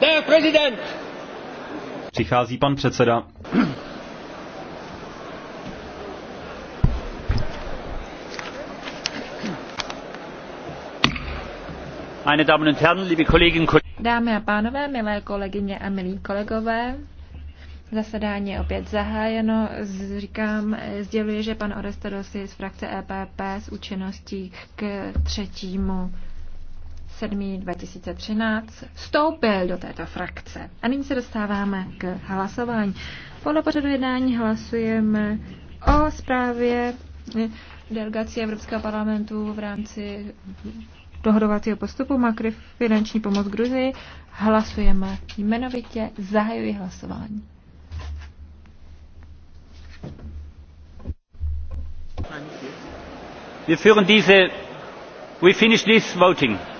Der Präsident! Přichází pan předseda. Meine Damen und Herren, liebe Kolleginnen und Dámy a pánové, milé kolegyně a milí kolegové, zasedání je opět zahájeno. Říkám, sděluji, že pan Orestodos je z frakce EPP s účinností k třetímu 7. 2013 vstoupil do této frakce. A nyní se dostáváme k hlasování. Podle pořadu jednání hlasujeme o zprávě delegace Evropského parlamentu v rámci dohodovacího postupu Makry finanční pomoc Gruzii. Hlasujeme jmenovitě, zahajuji hlasování. Wir führen diese We finish this voting.